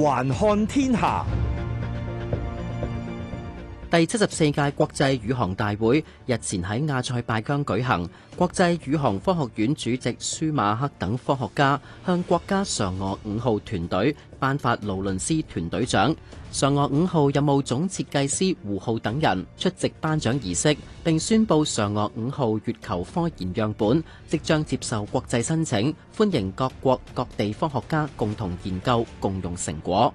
環看天下。第七十四屆國際宇航大會日前喺亞塞拜疆舉行，國際宇航科學院主席舒馬克等科學家向國家嫦娥五號團隊頒發勞倫斯團隊獎，嫦娥五號任務總設計師胡浩等人出席頒獎儀式，並宣布嫦娥五號月球科研樣本即將接受國際申請，歡迎各國各地方科學家共同研究、共用成果。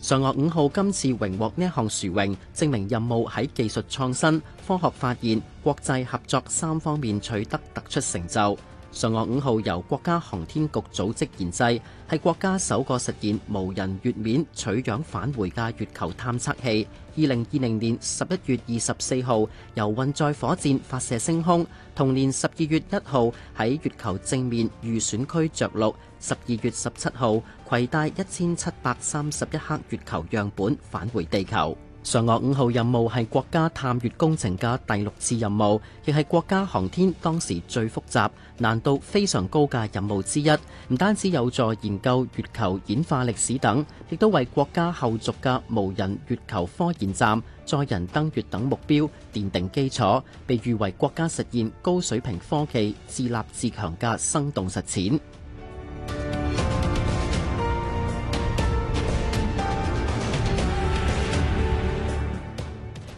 嫦娥五號今次榮獲呢項殊榮，證明任務喺技術創新、科學發現、國際合作三方面取得突出成就。嫦娥五號由國家航天局組織研製，係國家首個實現無人月面取樣返回嘅月球探測器。二零二零年十一月二十四號由運載火箭發射升空，同年十二月一號喺月球正面預選區着陸，十二月十七號攜帶一千七百三十一克月球樣本返回地球。嫦娥五號任務係國家探月工程嘅第六次任務，亦係國家航天當時最複雜、難度非常高嘅任務之一。唔單止有助研究月球演化歷史等，亦都為國家後續嘅無人月球科研站、載人登月等目標奠定基礎，被譽為國家實現高水平科技自立自強嘅生動實踐。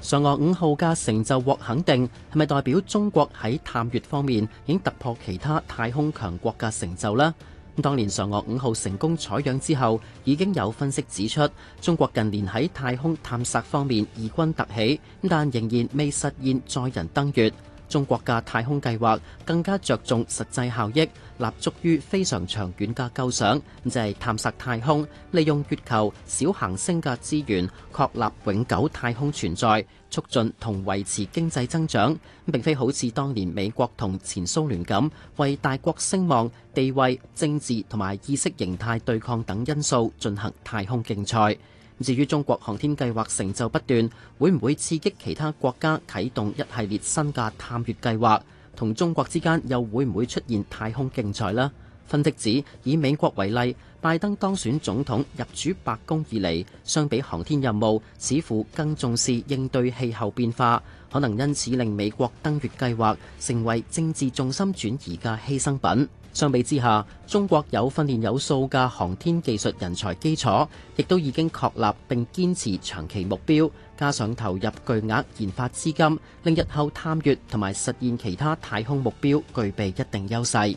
嫦娥五號嘅成就獲肯定，係咪代表中國喺探月方面已經突破其他太空強國嘅成就呢？咁當年嫦娥五號成功採樣之後，已經有分析指出，中國近年喺太空探索方面異軍突起，但仍然未實現載人登月。中國嘅太空計劃更加着重實際效益，立足於非常長遠嘅構想，就係探索太空，利用月球、小行星嘅資源，確立永久太空存在，促進同維持經濟增長。咁並非好似當年美國同前蘇聯咁，為大國聲望、地位、政治同埋意識形態對抗等因素進行太空競賽。至於中國航天計劃成就不斷，會唔會刺激其他國家啟動一系列新嘅探月計劃？同中國之間又會唔會出現太空競賽呢？分析指，以美國為例，拜登當選總統入主白宮以嚟，相比航天任務，似乎更重視應對氣候變化，可能因此令美國登月計劃成為政治重心轉移嘅犧牲品。相比之下，中國有訓練有素嘅航天技術人才基礎，亦都已經確立並堅持長期目標，加上投入巨額研發資金，令日後探月同埋實現其他太空目標，具備一定優勢。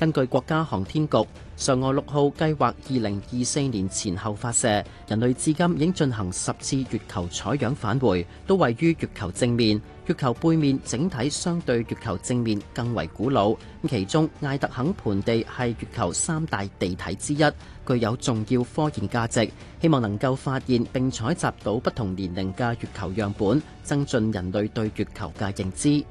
根據國家航天局，嫦娥六號計劃二零二四年前後發射。人類至今已經進行十次月球採樣返回，都位於月球正面。月球背面整體相對月球正面更為古老。其中艾特肯盆地係月球三大地體之一，具有重要科研價值。希望能夠發現並採集到不同年齡嘅月球樣本，增進人類對月球嘅認知。